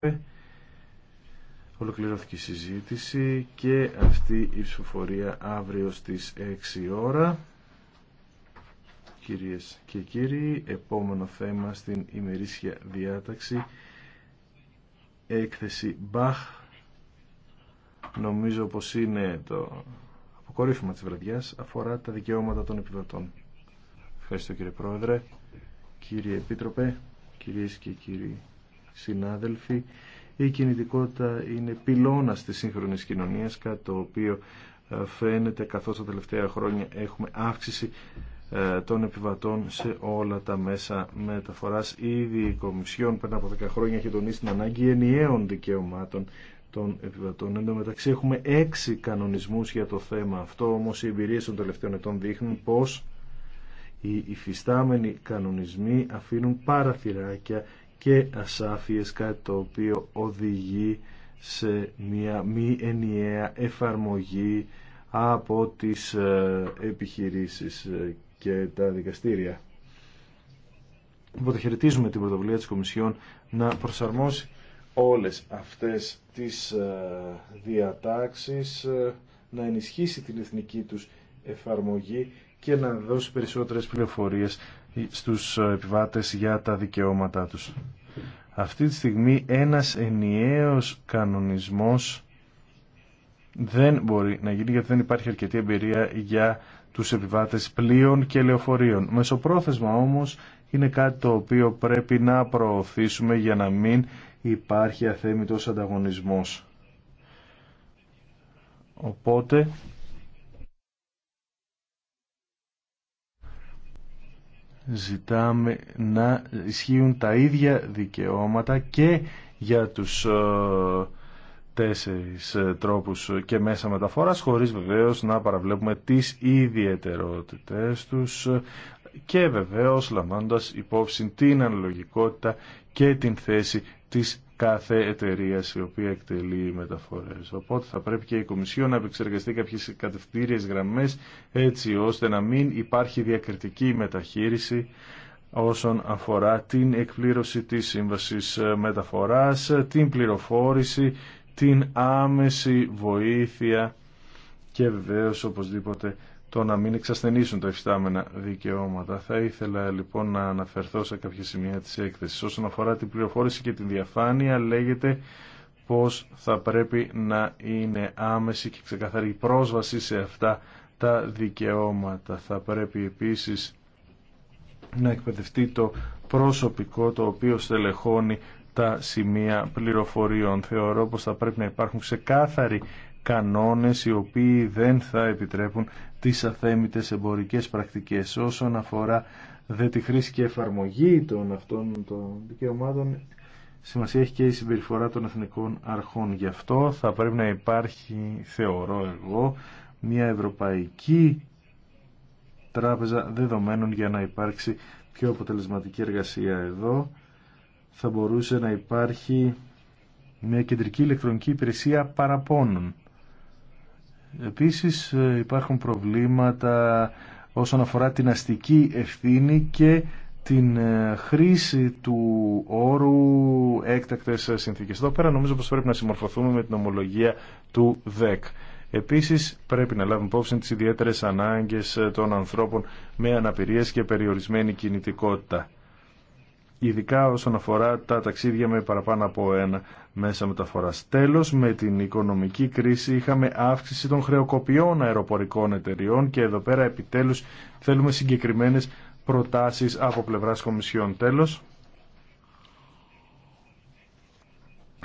Ε, ολοκληρώθηκε η συζήτηση και αυτή η ψηφοφορία αύριο στις 6 ώρα. Κυρίες και κύριοι, επόμενο θέμα στην ημερήσια διάταξη, έκθεση Μπαχ. Νομίζω πως είναι το αποκορύφημα της βραδιάς, αφορά τα δικαιώματα των επιβατών. Ευχαριστώ κύριε Πρόεδρε, κύριε Επίτροπε, κυρίες και κύριοι συνάδελφοι, η κινητικότητα είναι πυλώνας της σύγχρονης κοινωνίας, κάτι το οποίο ε, φαίνεται καθώς τα τελευταία χρόνια έχουμε αύξηση ε, των επιβατών σε όλα τα μέσα μεταφοράς. Ήδη η Κομισιόν πριν από 10 χρόνια έχει τονίσει την ανάγκη ενιαίων δικαιωμάτων των επιβατών. Εν τω μεταξύ έχουμε έξι κανονισμούς για το θέμα αυτό, όμως οι εμπειρίες των τελευταίων ετών δείχνουν πως οι υφιστάμενοι κανονισμοί αφήνουν παραθυράκια και ασάφειες, κάτι το οποίο οδηγεί σε μια μη ενιαία εφαρμογή από τις ε, επιχειρήσεις ε, και τα δικαστήρια. Οπότε χαιρετίζουμε την πρωτοβουλία της Κομισιόν να προσαρμόσει όλες αυτές τις ε, διατάξεις, να ενισχύσει την εθνική τους εφαρμογή και να δώσει περισσότερες πληροφορίες στους επιβάτες για τα δικαιώματά τους. Αυτή τη στιγμή ένας ενιαίος κανονισμός δεν μπορεί να γίνει γιατί δεν υπάρχει αρκετή εμπειρία για τους επιβάτες πλοίων και λεωφορείων. Μεσοπρόθεσμα όμως είναι κάτι το οποίο πρέπει να προωθήσουμε για να μην υπάρχει αθέμητος ανταγωνισμός. Οπότε ζητάμε να ισχύουν τα ίδια δικαιώματα και για τους ε, τέσσερις ε, τρόπους και μέσα μεταφοράς χωρίς βεβαίως να παραβλέπουμε τις ιδιαιτερότητες τους και βεβαίως λαμβάνοντας υπόψη την αναλογικότητα και την θέση της κάθε εταιρεία η οποία εκτελεί μεταφορές. Οπότε θα πρέπει και η Κομισιό να επεξεργαστεί κάποιες κατευθύνριε γραμμές έτσι ώστε να μην υπάρχει διακριτική μεταχείριση όσον αφορά την εκπλήρωση της σύμβασης μεταφοράς, την πληροφόρηση, την άμεση βοήθεια και βεβαίως οπωσδήποτε το να μην εξασθενήσουν τα εφιστάμενα δικαιώματα. Θα ήθελα λοιπόν να αναφερθώ σε κάποια σημεία της έκθεσης. Όσον αφορά την πληροφόρηση και την διαφάνεια λέγεται πως θα πρέπει να είναι άμεση και ξεκαθαρή πρόσβαση σε αυτά τα δικαιώματα. Θα πρέπει επίσης να εκπαιδευτεί το προσωπικό το οποίο στελεχώνει τα σημεία πληροφοριών. Θεωρώ πως θα πρέπει να υπάρχουν ξεκάθαροι κανόνες οι οποίοι δεν θα επιτρέπουν τις αθέμητες εμπορικές πρακτικές. Όσον αφορά δε τη χρήση και εφαρμογή των αυτών των δικαιωμάτων, σημασία έχει και η συμπεριφορά των εθνικών αρχών. Γι' αυτό θα πρέπει να υπάρχει, θεωρώ εγώ, μια ευρωπαϊκή τράπεζα δεδομένων για να υπάρξει πιο αποτελεσματική εργασία εδώ. Θα μπορούσε να υπάρχει μια κεντρική ηλεκτρονική υπηρεσία παραπώνων. Επίσης ε, υπάρχουν προβλήματα όσον αφορά την αστική ευθύνη και την ε, χρήση του όρου έκτακτες συνθήκες. Εδώ πέρα νομίζω πως πρέπει να συμμορφωθούμε με την ομολογία του ΔΕΚ. Επίσης πρέπει να λάβουμε υπόψη τις ιδιαίτερες ανάγκες ε, των ανθρώπων με αναπηρίες και περιορισμένη κινητικότητα ειδικά όσον αφορά τα ταξίδια με παραπάνω από ένα μέσα μεταφορά. Τέλος, με την οικονομική κρίση είχαμε αύξηση των χρεοκοπιών αεροπορικών εταιριών και εδώ πέρα επιτέλους θέλουμε συγκεκριμένες προτάσεις από πλευρά Κομισιόν. τέλο.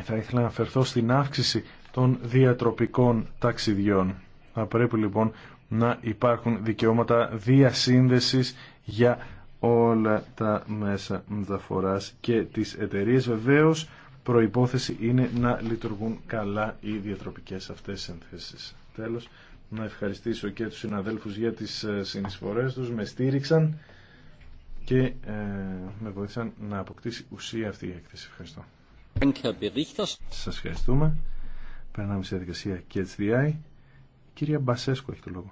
θα ήθελα να αφαιρθώ στην αύξηση των διατροπικών ταξιδιών. Θα πρέπει λοιπόν να υπάρχουν δικαιώματα διασύνδεσης για όλα τα μέσα μεταφοράς και τις εταιρείες. Βεβαίως, προϋπόθεση είναι να λειτουργούν καλά οι διατροπικές αυτές ενθέσεις. Τέλος, να ευχαριστήσω και τους συναδέλφους για τις ε, συνεισφορές τους, με στήριξαν και ε, με βοήθησαν να αποκτήσει ουσία αυτή η έκθεση. Ευχαριστώ. Σας ευχαριστούμε. Περνάμε στη διαδικασία KHDI. Κυρία Μπασέσκο έχει το λόγο.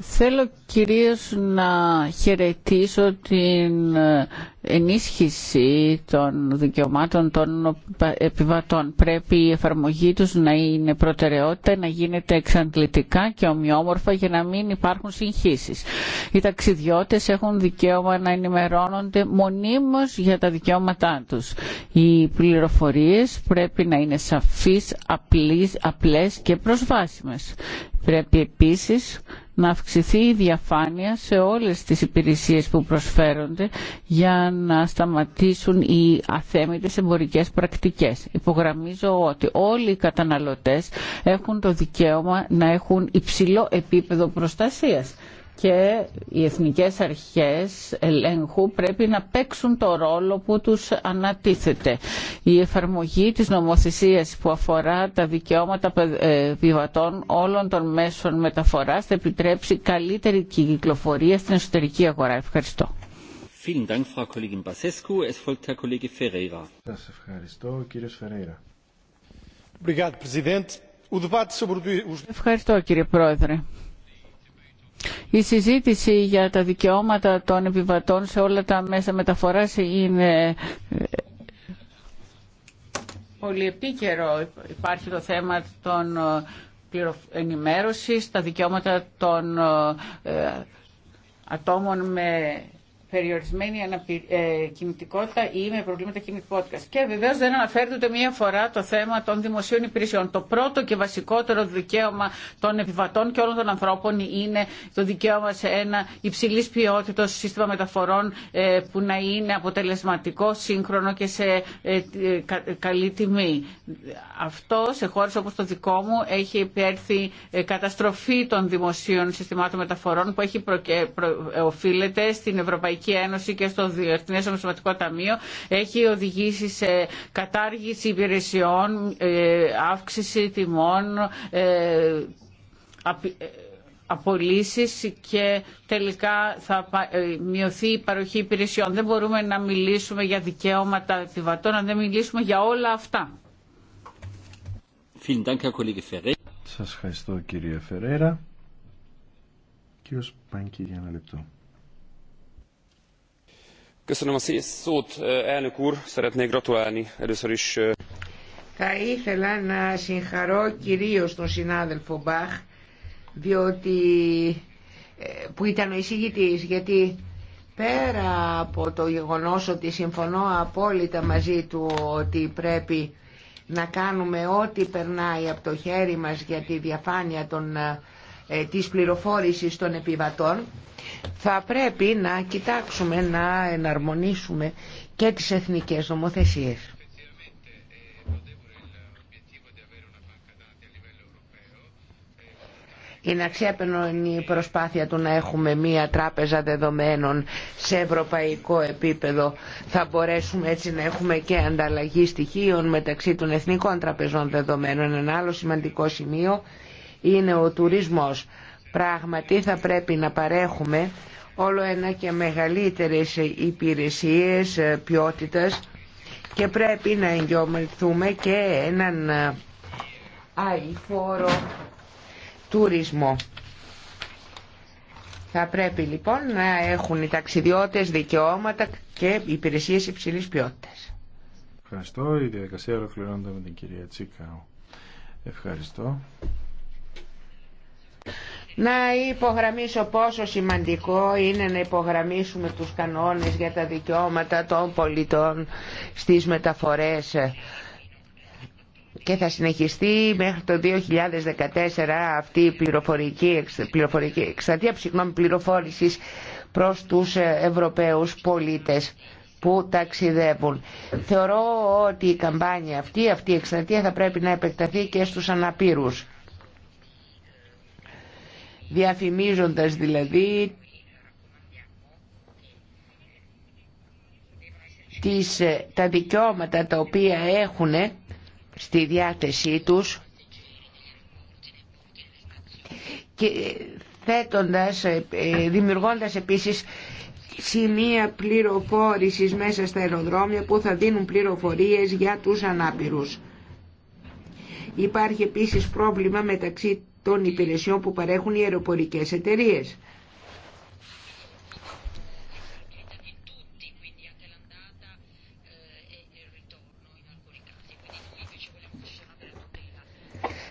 Θέλω κυρίως να χαιρετήσω την ε, ενίσχυση των δικαιωμάτων των επιβατών. Πρέπει η εφαρμογή τους να είναι προτεραιότητα, να γίνεται εξαντλητικά και ομοιόμορφα για να μην υπάρχουν συγχύσεις. Οι ταξιδιώτες έχουν δικαίωμα να ενημερώνονται μονίμως για τα δικαιώματά τους. Οι πληροφορίες πρέπει να είναι σαφείς, απλές και προσβάσιμες. Πρέπει επίσης να αυξηθεί η διαφάνεια σε όλες τις υπηρεσίες που προσφέρονται για να σταματήσουν οι αθέμητες εμπορικές πρακτικές. Υπογραμμίζω ότι όλοι οι καταναλωτές έχουν το δικαίωμα να έχουν υψηλό επίπεδο προστασίας και οι εθνικές αρχές ελέγχου πρέπει να παίξουν το ρόλο που τους ανατίθεται. Η εφαρμογή της νομοθεσίας που αφορά τα δικαιώματα ε, επιβατών όλων των μέσων μεταφοράς θα επιτρέψει καλύτερη κυκλοφορία στην εσωτερική αγορά. Ευχαριστώ. ευχαριστώ, Ευχαριστώ, κύριε Πρόεδρε. Η συζήτηση για τα δικαιώματα των επιβατών σε όλα τα μέσα μεταφοράς είναι ε, πολύ επίκαιρο. Υπάρχει το θέμα των ε, ενημέρωσης, τα δικαιώματα των ε, ατόμων με περιορισμένη ε, κινητικότητα ή με προβλήματα κινητικότητα. Και βεβαίω δεν αναφέρεται ούτε μία φορά το θέμα των δημοσίων υπηρεσιών. Το πρώτο και βασικότερο δικαίωμα των επιβατών και όλων των ανθρώπων είναι το δικαίωμα σε ένα υψηλή ποιότητα σύστημα μεταφορών ε, που να είναι αποτελεσματικό, σύγχρονο και σε ε, καλή τιμή. Αυτό σε χώρε όπω το δικό μου έχει υπέρθει καταστροφή των δημοσίων συστημάτων μεταφορών που έχει προ... Προ... οφείλεται στην ευρωπαϊκή Ευρωπαϊκή Ένωση και στο Διεθνέ Σωματικό Ταμείο έχει οδηγήσει σε κατάργηση υπηρεσιών, ε, αύξηση τιμών, ε, ε, απολύσεις και τελικά θα μειωθεί η παροχή υπηρεσιών. Δεν μπορούμε να μιλήσουμε για δικαιώματα επιβατών αν δεν μιλήσουμε για όλα αυτά. Σας ευχαριστώ κύριε Φερέρα. Κύριος Πάνκη για ένα λεπτό. Θα ήθελα να συγχαρώ κυρίως τον συνάδελφο Μπαχ διότι, ε, που ήταν ο εισηγητής γιατί πέρα από το γεγονός ότι συμφωνώ απόλυτα μαζί του ότι πρέπει να κάνουμε ό,τι περνάει από το χέρι μας για τη διαφάνεια των ε, ε, της πληροφόρησης των επιβατών θα πρέπει να κοιτάξουμε να εναρμονίσουμε και τις εθνικές νομοθεσίες. Είναι αξιέπαινο η προσπάθεια του να έχουμε μία τράπεζα δεδομένων σε ευρωπαϊκό επίπεδο. Θα μπορέσουμε έτσι να έχουμε και ανταλλαγή στοιχείων μεταξύ των εθνικών τραπεζών δεδομένων. Ένα άλλο σημαντικό σημείο είναι ο τουρισμός. Πράγματι θα πρέπει να παρέχουμε όλο ένα και μεγαλύτερες υπηρεσίες ε, ποιότητας και πρέπει να εγγυωμηθούμε και έναν ε, αηφόρο τουρισμό. Θα πρέπει λοιπόν να έχουν οι ταξιδιώτες δικαιώματα και υπηρεσίες υψηλής ποιότητας. Ευχαριστώ. Η διαδικασία ολοκληρώνεται με την κυρία Τσίκαου. Ευχαριστώ. Να υπογραμμίσω πόσο σημαντικό είναι να υπογραμμίσουμε τους κανόνες για τα δικαιώματα των πολιτών στις μεταφορές και θα συνεχιστεί μέχρι το 2014 αυτή η πληροφορική, πληροφορική εκστρατεία πληροφόρησης προς τους ε, Ευρωπαίους πολίτες που ταξιδεύουν. Θεωρώ ότι η καμπάνια αυτή, αυτή η εξαρτία θα πρέπει να επεκταθεί και στους αναπήρους διαφημίζοντας δηλαδή τις, ε, τα δικαιώματα τα οποία έχουν στη διάθεσή τους και θέτοντας, ε, ε, δημιουργώντας επίσης σημεία πληροφόρησης μέσα στα αεροδρόμια που θα δίνουν πληροφορίες για τους ανάπηρους. Υπάρχει επίσης πρόβλημα μεταξύ των υπηρεσιών που παρέχουν οι αεροπορικές εταιρείες.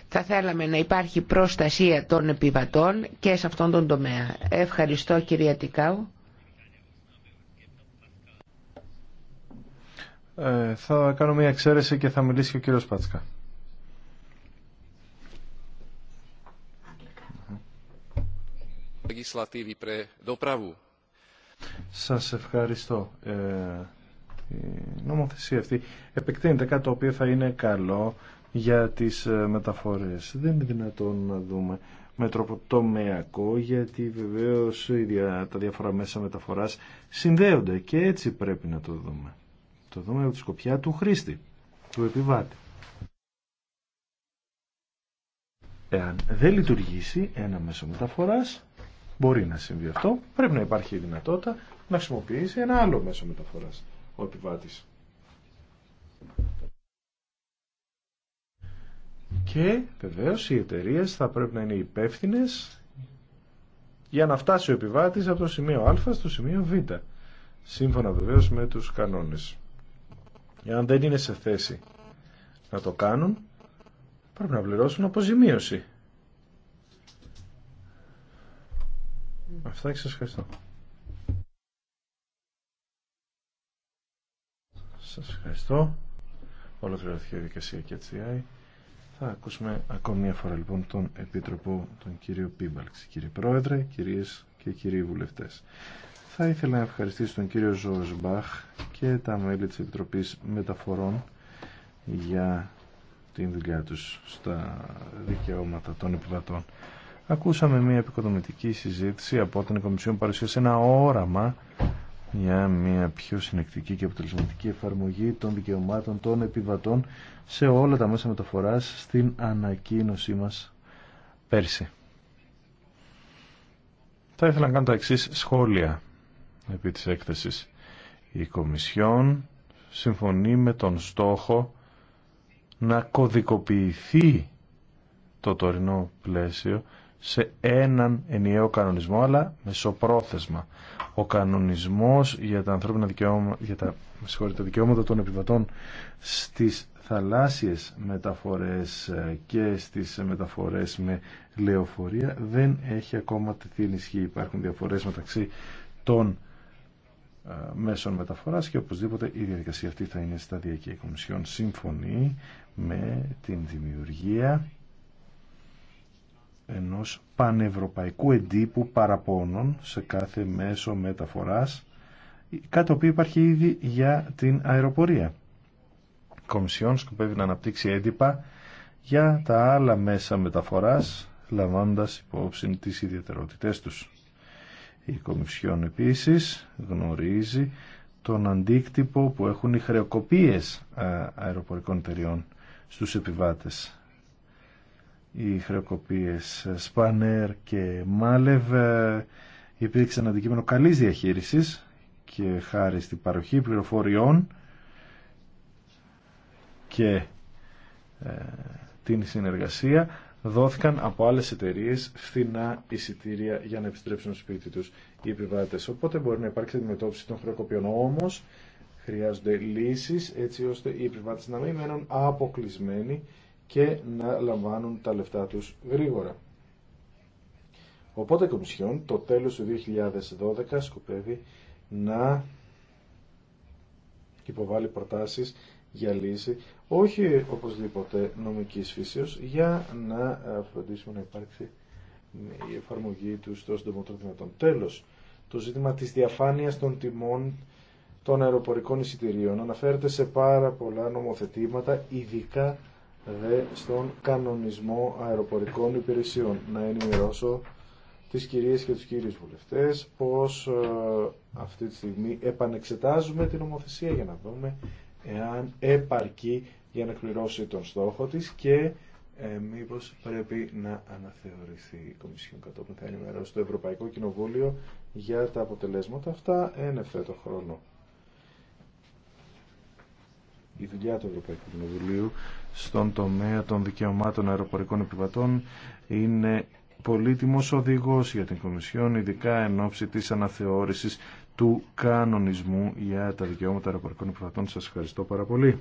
Θα θέλαμε να υπάρχει προστασία των επιβατών και σε αυτόν τον τομέα. Ευχαριστώ κυρία Τικάου. Ε, θα κάνω μια εξαίρεση και θα μιλήσει και ο κύριος Πάτσκα. legislatívy pre dopravu. Σας ευχαριστώ. Ε, η νομοθεσία αυτή επεκτείνεται κάτι το οποίο θα είναι καλό για τις ε, μεταφορές. Δεν είναι δυνατόν να δούμε με τρόπο τομεακό γιατί βεβαίως τα διάφορα μέσα μεταφοράς συνδέονται και έτσι πρέπει να το δούμε. Το δούμε από τη σκοπιά του χρήστη, του επιβάτη. Εάν δεν λειτουργήσει ένα μέσο μεταφοράς Μπορεί να συμβεί αυτό. Πρέπει να υπάρχει η δυνατότητα να χρησιμοποιήσει ένα άλλο μέσο μεταφοράς ο επιβάτης. Και βεβαίως οι εταιρείε θα πρέπει να είναι υπεύθυνε για να φτάσει ο επιβάτης από το σημείο Α στο σημείο Β. Σύμφωνα βεβαίως με τους κανόνες. Εάν δεν είναι σε θέση να το κάνουν, πρέπει να πληρώσουν αποζημίωση. Αυτά και σας ευχαριστώ. Σας ευχαριστώ. Ολοκληρωθεί η διαδικασία και έτσι. Θα ακούσουμε ακόμη μια φορά λοιπόν τον Επίτροπο, τον κύριο Πίμπαλξ. Κύριε Πρόεδρε, κυρίες και κύριοι βουλευτές. Θα ήθελα να ευχαριστήσω τον κύριο Ζωος και τα μέλη της Επιτροπής Μεταφορών για την δουλειά τους στα δικαιώματα των επιβατών. Ακούσαμε μια επικοδομητική συζήτηση από την Κομισιόν παρουσίασε ένα όραμα για μια πιο συνεκτική και αποτελεσματική εφαρμογή των δικαιωμάτων των επιβατών σε όλα τα μέσα μεταφοράς στην ανακοίνωσή μας πέρσι. Θα ήθελα να κάνω τα εξή σχόλια επί της έκθεσης. Η Κομισιόν συμφωνεί με τον στόχο να κωδικοποιηθεί το τωρινό πλαίσιο σε έναν ενιαίο κανονισμό, αλλά μεσοπρόθεσμα. Ο κανονισμός για τα ανθρώπινα δικαιώματα, για τα, δικαιώματα των επιβατών στις θαλάσσιες μεταφορές ε, και στις μεταφορές με λεωφορεία δεν έχει ακόμα τεθεί ενισχύ. Υπάρχουν διαφορές μεταξύ των ε, μέσων μεταφοράς και οπωσδήποτε η διαδικασία αυτή θα είναι σταδιακή. Η Κομισιόν Σύμφωνη με την δημιουργία ενός πανευρωπαϊκού εντύπου παραπώνων σε κάθε μέσο μεταφοράς, κάτι το οποίο υπάρχει ήδη για την αεροπορία. Η Κομισιόν σκοπεύει να αναπτύξει έντυπα για τα άλλα μέσα μεταφοράς, λαμβάνοντας υπόψη τις ιδιαιτερότητές τους. Η Κομισιόν επίσης γνωρίζει τον αντίκτυπο που έχουν οι χρεοκοπίες ε, αεροπορικών εταιριών στους επιβάτες οι χρεοκοπίες Spanair και Malev ε, υπήρξαν αντικείμενο καλής διαχείρισης και χάρη στην παροχή πληροφοριών και ε, την συνεργασία δόθηκαν από άλλες εταιρείες φθηνά εισιτήρια για να επιστρέψουν στο σπίτι τους οι επιβάτες. Οπότε μπορεί να υπάρξει αντιμετώπιση των χρεοκοπιών. Όμως χρειάζονται λύσεις έτσι ώστε οι επιβάτες να μην μένουν αποκλεισμένοι και να λαμβάνουν τα λεφτά τους γρήγορα. Οπότε η Κομισιόν το τέλος του 2012 σκοπεύει να υποβάλει προτάσεις για λύση, όχι οπωσδήποτε νομικής φύσεως, για να φροντίσουμε να υπάρξει η εφαρμογή του στο συντομότερο δυνατόν. Τέλος, το ζήτημα της διαφάνειας των τιμών των αεροπορικών εισιτηρίων αναφέρεται σε πάρα πολλά νομοθετήματα, ειδικά δε στον κανονισμό αεροπορικών υπηρεσιών. Να ενημερώσω τις κυρίες και τους κύριους βουλευτές πως ε, αυτή τη στιγμή επανεξετάζουμε την νομοθεσία για να δούμε εάν επαρκεί για να εκπληρώσει τον στόχο της και ε, μήπως πρέπει να αναθεωρηθεί η Κομισιόν κατόπιν θα ενημερώσει το Ευρωπαϊκό Κοινοβούλιο για τα αποτελέσματα αυτά εν ευθέτω χρόνο η δουλειά του Ευρωπαϊκού Κοινοβουλίου στον τομέα των δικαιωμάτων αεροπορικών επιβατών είναι πολύτιμος οδηγός για την Κομισιόν, ειδικά εν ώψη της αναθεώρησης του κανονισμού για τα δικαιώματα αεροπορικών επιβατών. Σας ευχαριστώ πάρα πολύ.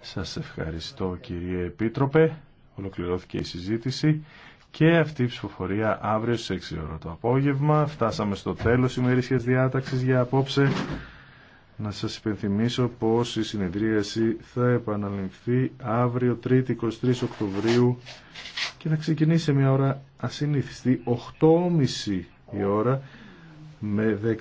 Σας ευχαριστώ κύριε Επίτροπε. Ολοκληρώθηκε η συζήτηση και αυτή η ψηφοφορία αύριο στις 6 ώρα το απόγευμα. Φτάσαμε στο τέλος ημερήσιας διάταξη για απόψε. Να σας υπενθυμίσω πως η συνεδρίαση θα επαναληφθεί αύριο 3η 23 Οκτωβρίου και θα ξεκινήσει σε μια ώρα ασυνήθιστη 8.30 η ώρα με 10